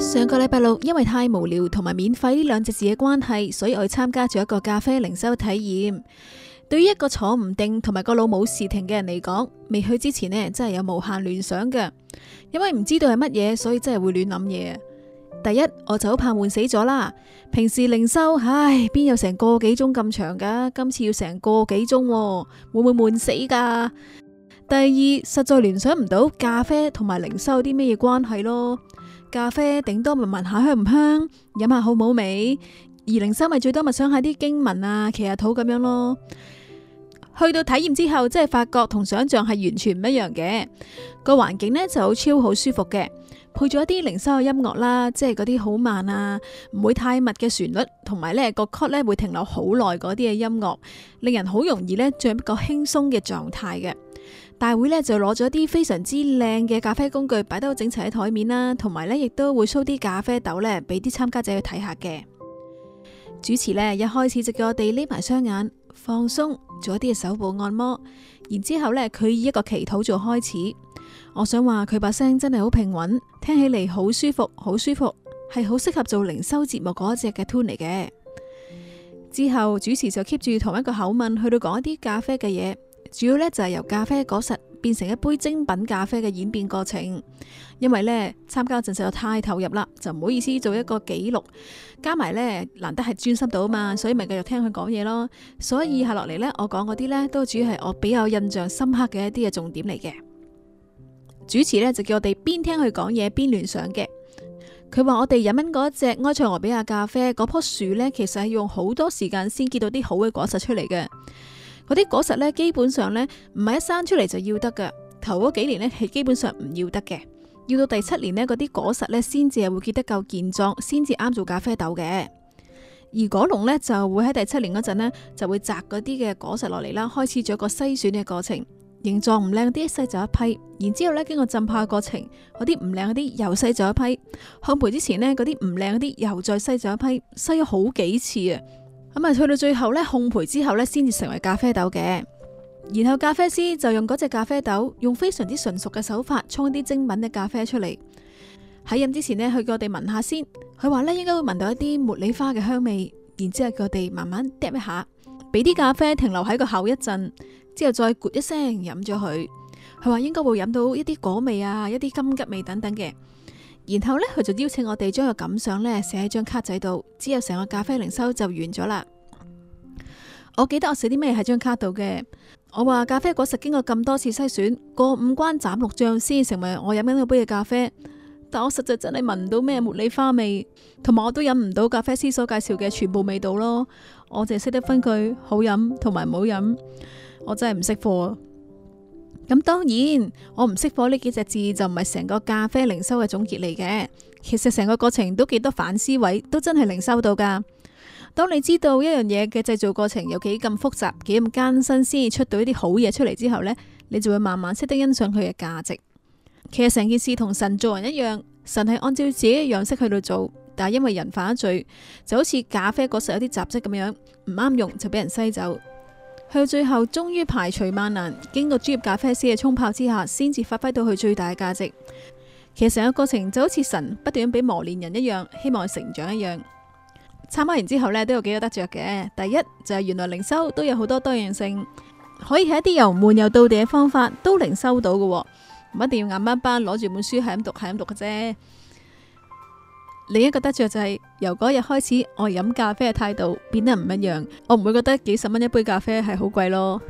上個禮拜六，因為太無聊同埋免費呢兩隻字嘅關係，所以我去參加咗一個咖啡零收體驗。對於一個坐唔定同埋個腦冇時停嘅人嚟講，未去之前呢，真係有無限亂想嘅，因為唔知道係乜嘢，所以真係會亂諗嘢。第一，我就好怕悶死咗啦。平時零收，唉，邊有成個幾鐘咁長㗎？今次要成個幾鐘，會唔會悶死噶？第二，實在聯想唔到咖啡同埋零收啲咩嘢關係咯。咖啡頂多咪聞下香唔香，飲下好唔好味；而靈修咪最多咪想下啲經文啊，騎下肚咁樣咯。去到體驗之後，即係發覺同想象係完全唔一樣嘅。個環境呢就好超好舒服嘅，配咗一啲靈修嘅音樂啦，即係嗰啲好慢啊，唔會太密嘅旋律，同埋呢個曲呢會停留好耐嗰啲嘅音樂，令人好容易呢進入一個輕鬆嘅狀態嘅。大會呢就攞咗啲非常之靚嘅咖啡工具，擺得好整齊喺台面啦，同埋呢亦都會 show 啲咖啡豆呢俾啲參加者去睇下嘅。主持呢一開始就叫我哋匿埋雙眼放鬆，做一啲嘅手部按摩，然之後呢佢以一個祈禱做開始。我想話佢把聲真係好平穩，聽起嚟好舒服，好舒服，係好適合做靈修節目嗰一隻嘅 tone 嘅。之後主持就 keep 住同一個口吻去到講一啲咖啡嘅嘢。主要咧就係由咖啡果實變成一杯精品咖啡嘅演變過程，因為呢參加陣時又太投入啦，就唔好意思做一個記錄，加埋呢難得係專心到啊嘛，所以咪繼續聽佢講嘢咯。所以下落嚟呢，我講嗰啲呢都主要係我比較印象深刻嘅一啲嘅重點嚟嘅。主持呢就叫我哋邊聽佢講嘢邊聯想嘅。佢話我哋飲緊嗰隻埃塞俄比亞咖啡嗰棵樹呢，其實係用好多時間先結到啲好嘅果實出嚟嘅。嗰啲果實咧，基本上咧唔係一生出嚟就要得嘅，頭嗰幾年咧係基本上唔要得嘅，要到第七年呢嗰啲果實咧先至係會結得夠健壯，先至啱做咖啡豆嘅。而果農咧就會喺第七年嗰陣呢，就會摘嗰啲嘅果實落嚟啦，開始咗一個篩選嘅過程，形狀唔靚啲篩走一批，然之後咧經過浸泡過程，嗰啲唔靚啲又篩走一批，烘焙之前呢，嗰啲唔靚啲又再篩走一批，篩咗好幾次啊。咁啊，去到最後咧烘焙之後咧，先至成為咖啡豆嘅。然後咖啡師就用嗰隻咖啡豆，用非常之純熟嘅手法，沖一啲精品嘅咖啡出嚟。喺飲之前咧，佢叫我哋聞下先。佢話咧，應該會聞到一啲茉莉花嘅香味。然之後佢哋慢慢嗒一下，俾啲咖啡停留喺個口一陣，之後再咕一聲飲咗佢。佢話應該會飲到一啲果味啊，一啲柑桔味等等嘅。然後呢，佢就邀請我哋將個感想呢寫喺張卡仔度，之後成個咖啡零修就完咗啦。我記得我寫啲咩喺張卡度嘅，我話咖啡果實經過咁多次篩選、過五關斬六將先成為我飲緊嗰杯嘅咖啡，但我實在真係聞唔到咩茉莉花味，同埋我都飲唔到咖啡師所介紹嘅全部味道咯，我淨係識得分佢好飲同埋唔好飲，我真係唔識貨。咁當然，我唔識貨呢幾隻字就唔係成個咖啡零收嘅總結嚟嘅。其實成個過程都幾多反思位，都真係零收到噶。當你知道一樣嘢嘅製造過程有幾咁複雜、幾咁艱辛，先至出到一啲好嘢出嚟之後呢，你就會慢慢識得欣賞佢嘅價值。其實成件事同神做人一樣，神係按照自己嘅樣式去到做，但係因為人犯咗罪，就好似咖啡嗰實有啲雜質咁樣，唔啱用就俾人篩走。去到最後終於排除萬難，經過專業咖啡師嘅沖泡之下，先至發揮到佢最大嘅價值。其實成個過程就好似神不斷咁俾磨練人一樣，希望成長一樣。參考完之後呢，都有幾個得着嘅。第一就係、是、原來靈修都有好多多樣性，可以喺一啲由悶又到地嘅方法都靈修到嘅，唔一定要硬班班攞住本書係咁讀係咁讀嘅啫。另一個得着就係、是、由嗰日開始，我飲咖啡嘅態度變得唔一樣，我唔會覺得幾十蚊一杯咖啡係好貴咯。